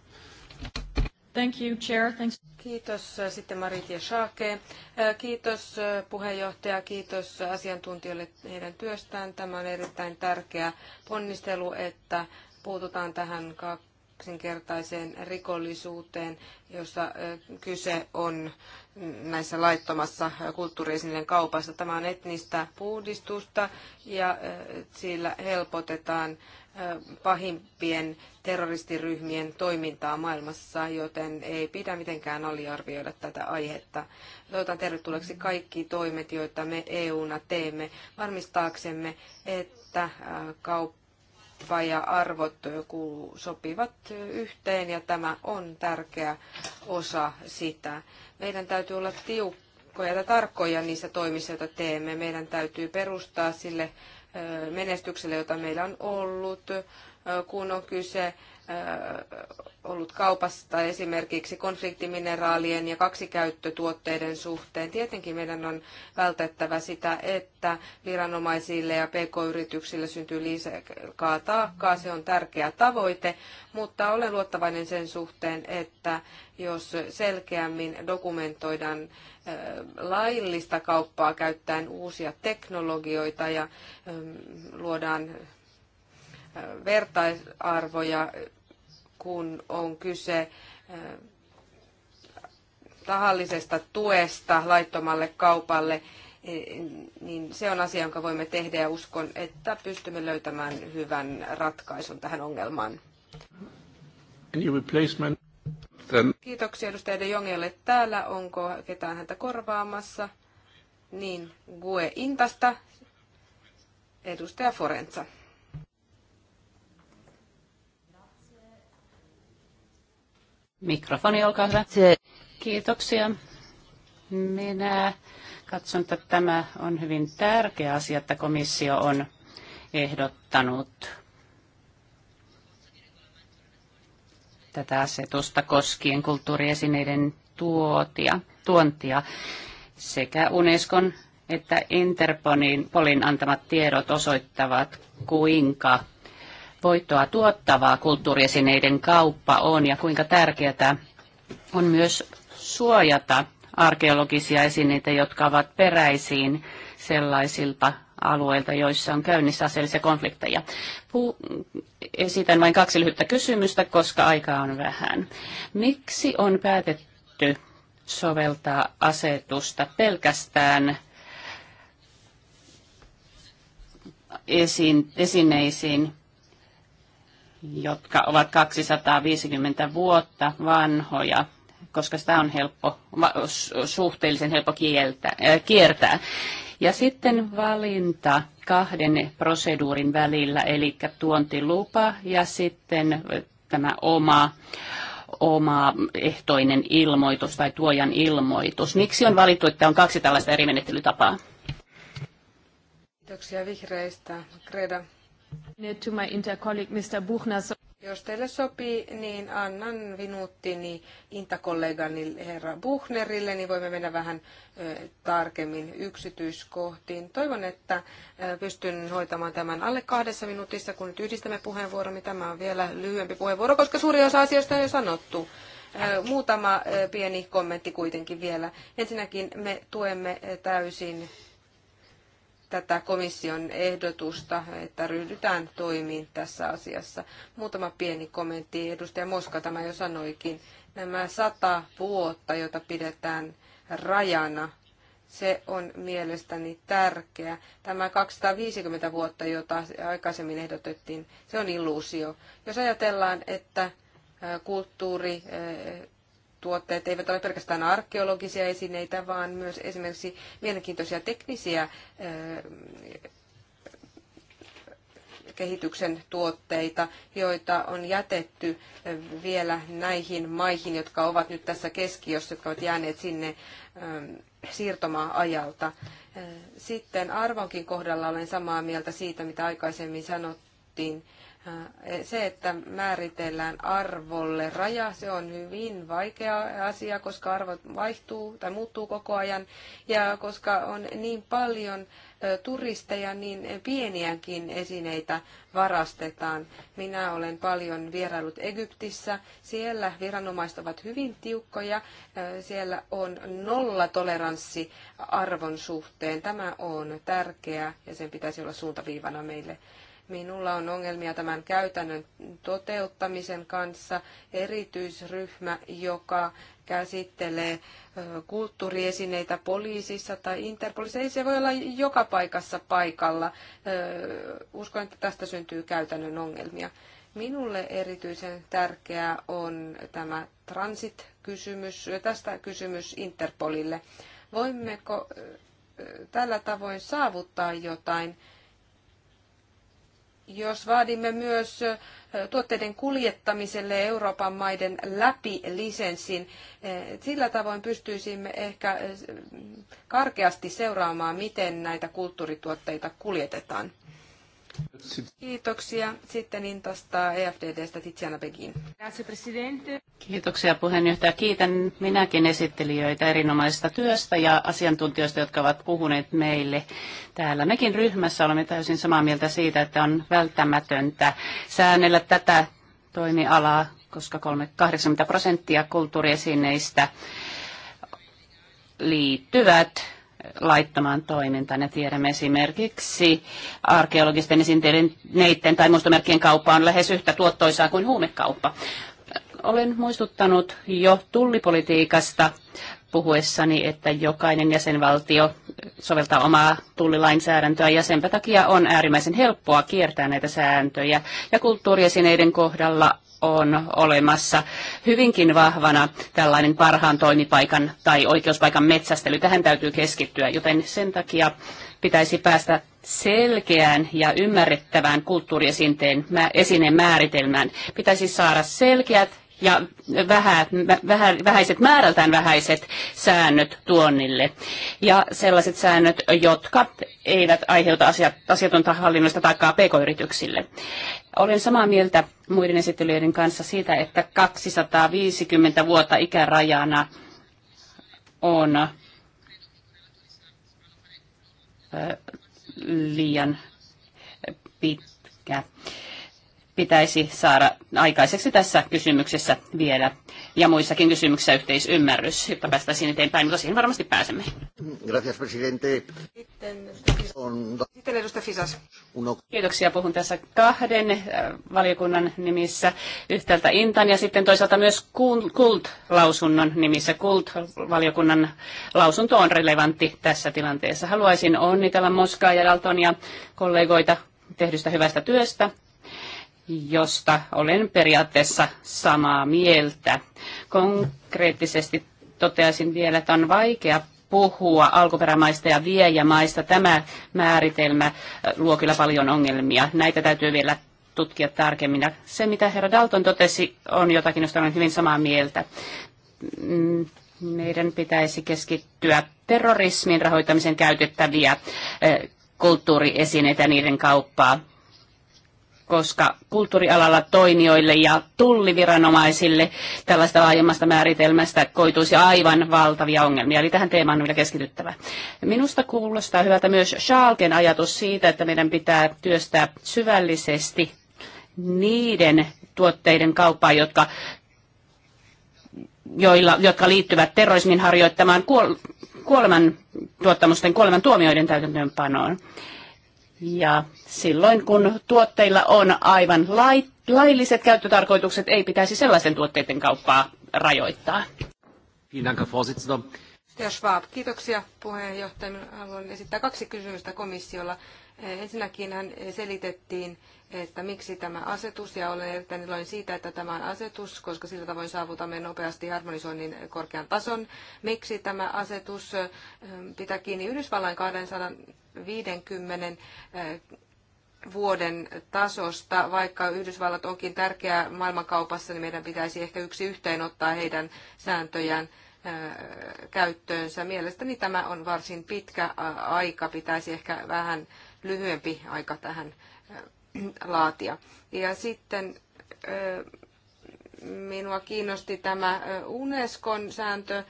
Thank you, Chair. Thanks. Kiitos äh, sitten ja Shake. Äh, kiitos äh, puheenjohtaja, kiitos asiantuntijoille heidän työstään. Tämä on erittäin tärkeä ponnistelu, että puututaan tähän yksinkertaiseen rikollisuuteen, jossa kyse on näissä laittomassa kulttuuriesinen kaupassa. Tämä on etnistä puhdistusta ja sillä helpotetaan pahimpien terroristiryhmien toimintaa maailmassa, joten ei pidä mitenkään aliarvioida tätä aihetta. Toivotan tervetulleeksi kaikki toimet, joita me EU-na teemme varmistaaksemme, että kauppa kauppa ja arvot kuuluu, sopivat yhteen ja tämä on tärkeä osa sitä. Meidän täytyy olla tiukkoja ja tarkkoja niissä toimissa, joita teemme. Meidän täytyy perustaa sille menestykselle, jota meillä on ollut, kun on kyse Äh, ollut kaupasta esimerkiksi konfliktimineraalien ja kaksikäyttötuotteiden suhteen. Tietenkin meidän on vältettävä sitä, että viranomaisille ja pk-yrityksille syntyy lisää taakkaa. Se on tärkeä tavoite, mutta olen luottavainen sen suhteen, että jos selkeämmin dokumentoidaan äh, laillista kauppaa käyttäen uusia teknologioita ja ähm, luodaan äh, vertaisarvoja kun on kyse eh, tahallisesta tuesta laittomalle kaupalle, eh, niin se on asia, jonka voimme tehdä ja uskon, että pystymme löytämään hyvän ratkaisun tähän ongelmaan. Kiitoksia edustaja De Jongelle täällä. Onko ketään häntä korvaamassa? Niin, Gue Intasta, edustaja Forenza. Mikrofoni, olkaa hyvä. Kiitoksia. Minä katson, että tämä on hyvin tärkeä asia, että komissio on ehdottanut tätä asetusta koskien kulttuuriesineiden tuotia, tuontia sekä Unescon että Interpolin antamat tiedot osoittavat, kuinka voittoa tuottavaa kulttuuriesineiden kauppa on ja kuinka tärkeää on myös suojata arkeologisia esineitä, jotka ovat peräisiin sellaisilta alueilta, joissa on käynnissä aseellisia konflikteja. Pu- esitän vain kaksi lyhyttä kysymystä, koska aikaa on vähän. Miksi on päätetty soveltaa asetusta pelkästään esiin, esineisiin, jotka ovat 250 vuotta vanhoja, koska sitä on helppo, suhteellisen helppo kieltä, äh, kiertää. Ja sitten valinta kahden proseduurin välillä, eli tuontilupa ja sitten tämä oma oma ehtoinen ilmoitus tai tuojan ilmoitus. Miksi on valittu, että on kaksi tällaista eri menettelytapaa? Kiitoksia vihreistä. Kreda. To my intercolleague Mr. Buchner. Jos teille sopii, niin annan minuuttini intakollegani herra Buchnerille, niin voimme mennä vähän tarkemmin yksityiskohtiin. Toivon, että pystyn hoitamaan tämän alle kahdessa minuutissa, kun nyt yhdistämme niin Tämä on vielä lyhyempi puheenvuoro, koska suuri osa asioista on jo sanottu. Muutama pieni kommentti kuitenkin vielä. Ensinnäkin me tuemme täysin tätä komission ehdotusta, että ryhdytään toimiin tässä asiassa. Muutama pieni kommentti. Edustaja Moska tämä jo sanoikin. Nämä sata vuotta, jota pidetään rajana, se on mielestäni tärkeä. Tämä 250 vuotta, jota aikaisemmin ehdotettiin, se on illuusio. Jos ajatellaan, että kulttuuri tuotteet eivät ole pelkästään arkeologisia esineitä, vaan myös esimerkiksi mielenkiintoisia teknisiä kehityksen tuotteita, joita on jätetty vielä näihin maihin, jotka ovat nyt tässä keskiössä, jotka ovat jääneet sinne siirtomaajalta. Sitten arvonkin kohdalla olen samaa mieltä siitä, mitä aikaisemmin sanottiin. Äh, se, että määritellään arvolle raja, se on hyvin vaikea asia, koska arvot vaihtuu tai muuttuu koko ajan. Ja koska on niin paljon turisteja, niin pieniäkin esineitä varastetaan. Minä olen paljon vierailut Egyptissä. Siellä viranomaiset ovat hyvin tiukkoja. Siellä on nollatoleranssi arvon suhteen. Tämä on tärkeää ja sen pitäisi olla suuntaviivana meille Minulla on ongelmia tämän käytännön toteuttamisen kanssa. Erityisryhmä, joka käsittelee kulttuuriesineitä poliisissa tai Interpolissa. Ei niin se voi olla joka paikassa paikalla. Uskon, että tästä syntyy käytännön ongelmia. Minulle erityisen tärkeää on tämä transit-kysymys, tästä kysymys Interpolille. Voimmeko tällä tavoin saavuttaa jotain? Jos vaadimme myös tuotteiden kuljettamiselle Euroopan maiden läpi lisenssin, sillä tavoin pystyisimme ehkä karkeasti seuraamaan, miten näitä kulttuurituotteita kuljetetaan. Kiitoksia. Sitten Intasta EFDDstä Tiziana Begin. Kiitoksia puheenjohtaja. Kiitän minäkin esittelijöitä erinomaisesta työstä ja asiantuntijoista, jotka ovat puhuneet meille täällä. Mekin ryhmässä olemme täysin samaa mieltä siitä, että on välttämätöntä säännellä tätä toimialaa, koska 80 prosenttia kulttuuriesineistä liittyvät laittamaan toimintaan. Ja tiedämme esimerkiksi arkeologisten neitten tai muistomerkkien kauppa on lähes yhtä tuottoisaa kuin huumekauppa. Olen muistuttanut jo tullipolitiikasta puhuessani, että jokainen jäsenvaltio soveltaa omaa tullilainsäädäntöä ja senpä takia on äärimmäisen helppoa kiertää näitä sääntöjä. Ja kulttuuriesineiden kohdalla on olemassa hyvinkin vahvana tällainen parhaan toimipaikan tai oikeuspaikan metsästely. Tähän täytyy keskittyä, joten sen takia pitäisi päästä selkeään ja ymmärrettävään kulttuuriesineen määritelmään. Pitäisi saada selkeät ja vähä, vähä, vähäiset määrältään vähäiset säännöt tuonnille. Ja sellaiset säännöt, jotka eivät aiheuta asiat, asiatonta hallinnollista pk-yrityksille. Olen samaa mieltä muiden esittelijöiden kanssa siitä, että 250 vuotta ikärajana on liian pitkä pitäisi saada aikaiseksi tässä kysymyksessä vielä ja muissakin kysymyksissä yhteisymmärrys, jotta päästäisiin eteenpäin, mutta siihen varmasti pääsemme. Gracias, presidente. Sitten edustaja Fisas. Kiitoksia. Puhun tässä kahden äh, valiokunnan nimissä, yhtäältä Intan ja sitten toisaalta myös Kult-lausunnon nimissä. Kult-valiokunnan lausunto on relevantti tässä tilanteessa. Haluaisin onnitella Moskaa ja Daltonia kollegoita tehdystä hyvästä työstä josta olen periaatteessa samaa mieltä. Konkreettisesti toteaisin vielä, että on vaikea puhua alkuperämaista ja viejämaista. Tämä määritelmä äh, luo kyllä paljon ongelmia. Näitä täytyy vielä tutkia tarkemmin. Ja se, mitä herra Dalton totesi, on jotakin, josta olen hyvin samaa mieltä. Mm, meidän pitäisi keskittyä terrorismin rahoittamisen käytettäviä äh, kulttuuriesineitä ja niiden kauppaa koska kulttuurialalla toimijoille ja tulliviranomaisille tällaista laajemmasta määritelmästä koituisi aivan valtavia ongelmia. Eli tähän teemaan on vielä keskityttävä. Minusta kuulostaa hyvältä myös Schalken ajatus siitä, että meidän pitää työstää syvällisesti niiden tuotteiden kauppaa, jotka joilla, jotka liittyvät terrorismin harjoittamaan kuol- kuoleman tuottamusten kuoleman tuomioiden täytäntöönpanoon. Ja silloin kun tuotteilla on aivan lailliset käyttötarkoitukset, ei pitäisi sellaisten tuotteiden kauppaa rajoittaa. Herr Schwab, kiitoksia puheenjohtaja. Haluan esittää kaksi kysymystä komissiolla. Ensinnäkin hän selitettiin, että miksi tämä asetus, ja olen erittäin iloinen siitä, että tämä on asetus, koska sillä tavoin saavutamme nopeasti harmonisoinnin korkean tason. Miksi tämä asetus pitää kiinni Yhdysvallain 250 vuoden tasosta, vaikka Yhdysvallat onkin tärkeä maailmankaupassa, niin meidän pitäisi ehkä yksi yhteen ottaa heidän sääntöjään käyttöönsä. Mielestäni tämä on varsin pitkä aika, pitäisi ehkä vähän lyhyempi aika tähän [clears throat] laatia. Ja sitten minua kiinnosti tämä Unescon sääntö,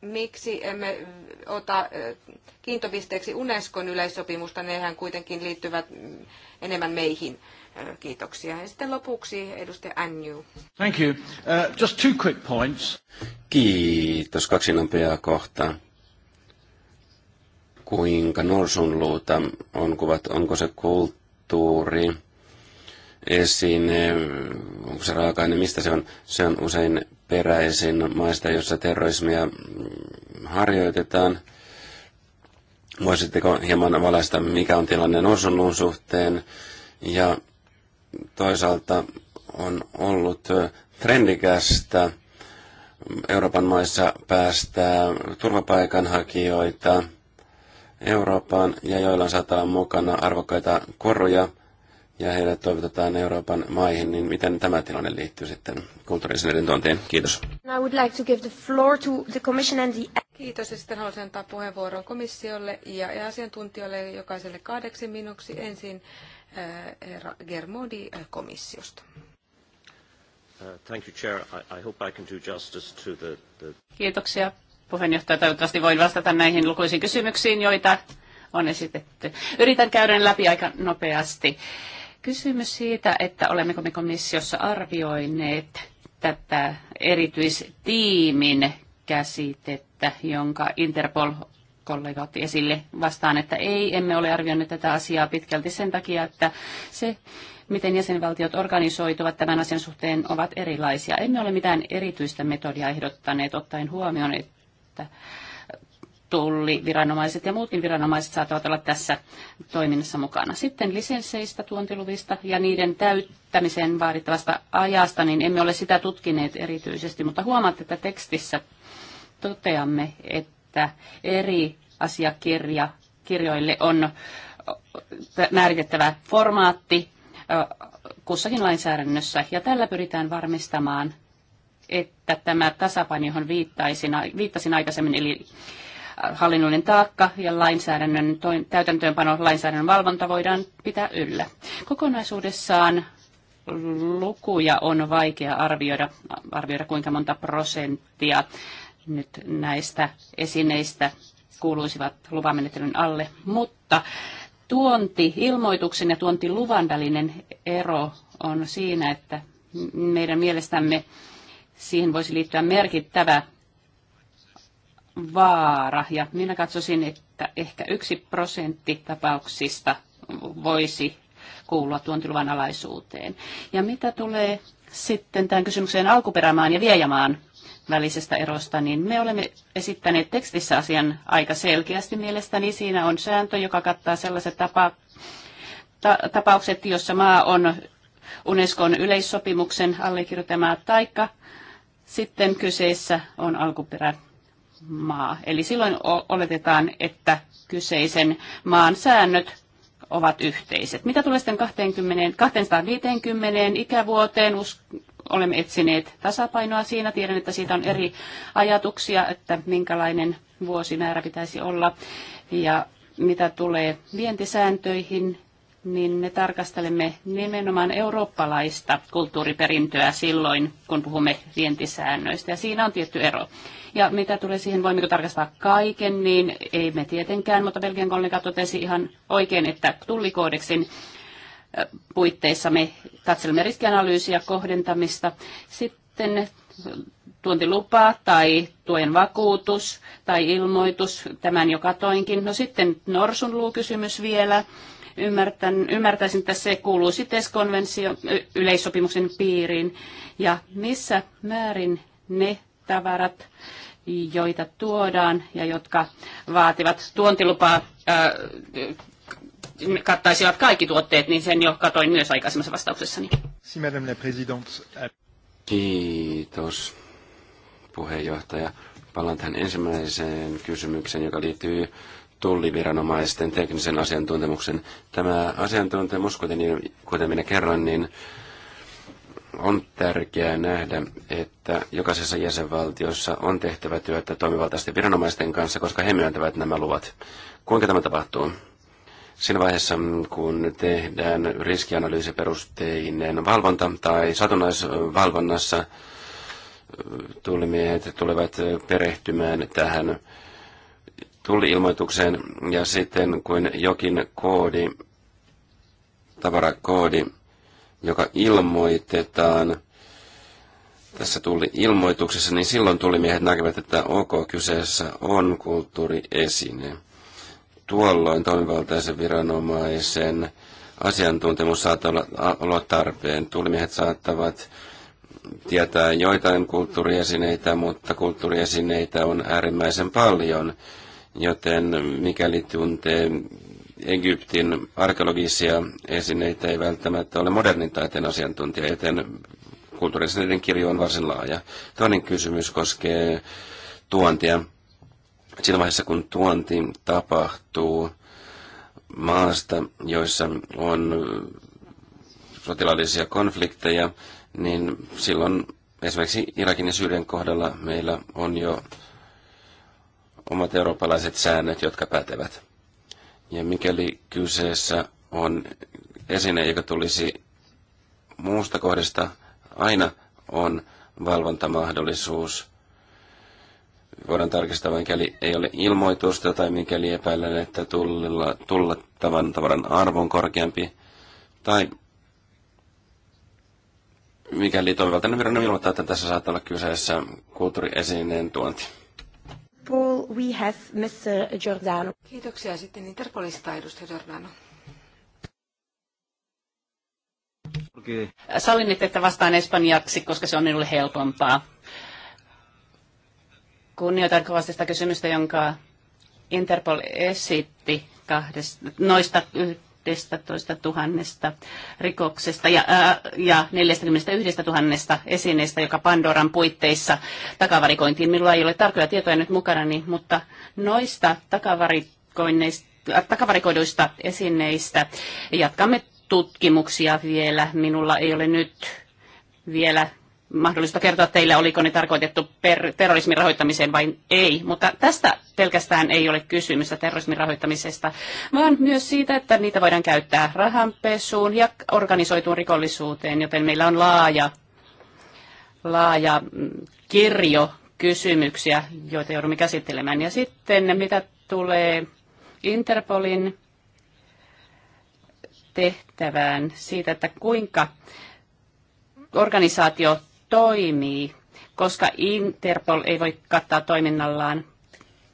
miksi emme ota kiintopisteeksi Unescon yleissopimusta, nehän kuitenkin liittyvät mm, enemmän meihin. Kiitoksia. Ja sitten lopuksi edustaja Anju. Thank you. Uh, just two quick points. Kiitos. Kaksi nopeaa kohtaa kuinka norsunluuta on kuvat, onko se kulttuuri, esine, onko se raaka-aine, mistä se on. Se on usein peräisin maista, jossa terrorismia harjoitetaan. Voisitteko hieman valaista, mikä on tilanne norsunluun suhteen? Ja toisaalta on ollut trendikästä Euroopan maissa päästää turvapaikanhakijoita – Eurooppaan ja joilla sataa mukana arvokkaita koruja ja heidät toivotetaan Euroopan maihin, niin miten tämä tilanne liittyy sitten kulttuurisen tuontiin? Kiitos. Kiitos ja sitten haluaisin antaa puheenvuoron komissiolle ja, asiantuntijoille jokaiselle kahdeksi minuksi. Ensin äh, herra Germodi eh, komissiosta. Uh, Kiitoksia puheenjohtaja, toivottavasti voin vastata näihin lukuisiin kysymyksiin, joita on esitetty. Yritän käydä läpi aika nopeasti. Kysymys siitä, että olemmeko me komissiossa arvioineet tätä erityistiimin käsitettä, jonka Interpol kollega otti esille vastaan, että ei, emme ole arvioineet tätä asiaa pitkälti sen takia, että se, miten jäsenvaltiot organisoituvat tämän asian suhteen, ovat erilaisia. Emme ole mitään erityistä metodia ehdottaneet ottaen huomioon, että että viranomaiset ja muutkin viranomaiset saattavat olla tässä toiminnassa mukana. Sitten lisensseistä, tuontiluvista ja niiden täyttämiseen vaadittavasta ajasta, niin emme ole sitä tutkineet erityisesti, mutta huomaatte, että tekstissä toteamme, että eri asiakirja kirjoille on määritettävä formaatti kussakin lainsäädännössä, ja tällä pyritään varmistamaan että tämä tasapaino, johon viittaisin, viittasin aikaisemmin, eli äh, hallinnollinen taakka ja lainsäädännön täytäntöönpano, lainsäädännön valvonta voidaan pitää yllä. Kokonaisuudessaan lukuja on vaikea arvioida, arvioida kuinka monta prosenttia nyt näistä esineistä kuuluisivat luvamenettelyn alle, mutta tuonti-ilmoituksen ja tuontiluvan välinen ero on siinä, että meidän mielestämme siihen voisi liittyä merkittävä vaara. Ja minä katsoisin, että ehkä yksi prosentti tapauksista voisi kuulua tuontiluvan alaisuuteen. Ja mitä tulee sitten tämän kysymykseen alkuperämaan ja viejamaan välisestä erosta, niin me olemme esittäneet tekstissä asian aika selkeästi mielestäni. Siinä on sääntö, joka kattaa sellaiset tapa, ta, tapaukset, jossa maa on Unescon yleissopimuksen allekirjoittamaa taikka sitten kyseessä on alkuperämaa. Eli silloin oletetaan, että kyseisen maan säännöt ovat yhteiset. Mitä tulee sitten 20, 250 ikävuoteen, olemme etsineet tasapainoa siinä. Tiedän, että siitä on eri ajatuksia, että minkälainen vuosimäärä pitäisi olla. Ja mitä tulee vientisääntöihin, niin me tarkastelemme nimenomaan eurooppalaista kulttuuriperintöä silloin, kun puhumme vientisäännöistä, ja siinä on tietty ero. Ja mitä tulee siihen, voimmeko tarkastaa kaiken, niin ei me tietenkään, mutta Belgian kollega totesi ihan oikein, että tullikoodeksin puitteissa me katselemme riskianalyysiä, kohdentamista. Sitten tuontilupa tai tuen vakuutus tai ilmoitus, tämän jo katoinkin. No sitten norsunluukysymys vielä Ymmärtän, ymmärtäisin, että se kuuluu konvensio yleissopimuksen piiriin. Ja missä määrin ne tavarat, joita tuodaan ja jotka vaativat tuontilupaa, ää, kattaisivat kaikki tuotteet, niin sen jo katoin myös aikaisemmassa vastauksessani. Kiitos, puheenjohtaja. Palaan tähän ensimmäiseen kysymykseen, joka liittyy tulliviranomaisten teknisen asiantuntemuksen. Tämä asiantuntemus, kuten, niin- kuten minä kerroin, niin on tärkeää nähdä, että jokaisessa jäsenvaltiossa on tehtävä työtä toimivaltaisten viranomaisten kanssa, koska he myöntävät nämä luvat. Kuinka tämä tapahtuu? Siinä vaiheessa, kun tehdään riskianalyysiperusteinen valvonta tai satunnaisvalvonnassa, tullimiehet tulevat perehtymään tähän tulliilmoitukseen ja sitten kuin jokin koodi, tavarakoodi, joka ilmoitetaan tässä tuli ilmoituksessa, niin silloin tulimiehet näkevät, että ok, kyseessä on kulttuuriesine. Tuolloin toimivaltaisen viranomaisen asiantuntemus saattaa olla, olla tarpeen. Tulimiehet saattavat tietää joitain kulttuuriesineitä, mutta kulttuuriesineitä on äärimmäisen paljon joten mikäli tuntee Egyptin arkeologisia esineitä, ei välttämättä ole modernin taiteen asiantuntija, joten kulttuurisen kirjo on varsin laaja. Toinen kysymys koskee tuontia. Siinä vaiheessa, kun tuonti tapahtuu maasta, joissa on sotilaallisia konflikteja, niin silloin esimerkiksi Irakin ja Syyrian kohdalla meillä on jo omat eurooppalaiset säännöt, jotka pätevät. Ja mikäli kyseessä on esine, joka tulisi muusta kohdasta, aina on valvontamahdollisuus. Voidaan tarkistaa, mikäli ei ole ilmoitusta tai mikäli epäillään, että tullilla, tullattavan tavaran arvo on korkeampi, tai mikäli toimivaltainen viranomainen ilmoittaa, että tässä saattaa olla kyseessä kulttuuriesineen tuonti. Interpol, we have Mr. Giordano. Kiitoksia. Sitten Interpolista edustaja Giordano. Äh, Sallin, että vastaan espanjaksi, koska se on minulle helpompaa. Kunnioitan kovasti sitä kysymystä, jonka Interpol esitti kahdesta, noista 12 000 rikoksesta ja, ää, ja 41 000 esineestä, joka Pandoran puitteissa takavarikointiin. Minulla ei ole tarkoja tietoja nyt mukana, mutta noista takavarikoiduista esineistä jatkamme tutkimuksia vielä. Minulla ei ole nyt vielä mahdollista kertoa teille, oliko ne tarkoitettu per, terrorismin rahoittamiseen vai ei. Mutta tästä pelkästään ei ole kysymystä terrorismin rahoittamisesta, vaan myös siitä, että niitä voidaan käyttää rahanpesuun ja organisoituun rikollisuuteen, joten meillä on laaja, laaja mm, kirjo kysymyksiä, joita joudumme käsittelemään. Ja sitten mitä tulee Interpolin tehtävään siitä, että kuinka organisaatio toimii, koska Interpol ei voi kattaa toiminnallaan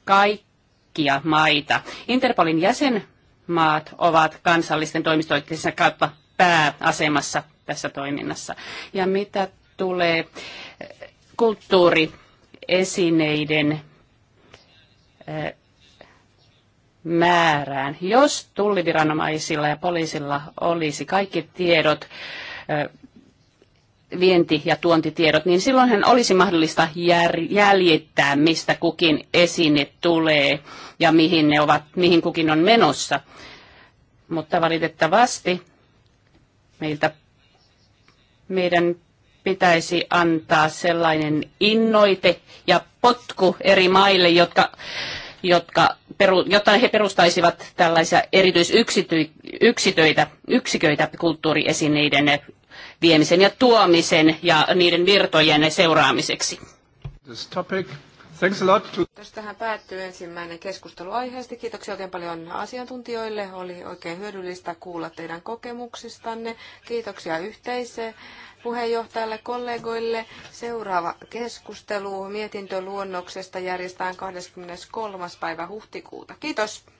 kaikkia maita. Interpolin jäsenmaat ovat kansallisten toimistoidensa kautta pääasemassa tässä toiminnassa. Ja mitä tulee kulttuuriesineiden eh, määrään. Jos tulliviranomaisilla ja poliisilla olisi kaikki tiedot eh, vienti- ja tuontitiedot, niin silloinhan olisi mahdollista jäljittää, mistä kukin esine tulee ja mihin, ne ovat, mihin kukin on menossa. Mutta valitettavasti meiltä, meidän pitäisi antaa sellainen innoite ja potku eri maille, jotka, jotka peru, jotta he perustaisivat tällaisia erityisyksiköitä yksiköitä kulttuuriesineiden viemisen ja tuomisen ja niiden virtojen seuraamiseksi. Kiitos. Tähän päättyy ensimmäinen keskustelu aiheesta. Kiitoksia oikein paljon asiantuntijoille. Oli oikein hyödyllistä kuulla teidän kokemuksistanne. Kiitoksia yhteiseen puheenjohtajalle, kollegoille. Seuraava keskustelu mietintöluonnoksesta järjestetään 23. päivä huhtikuuta. Kiitos.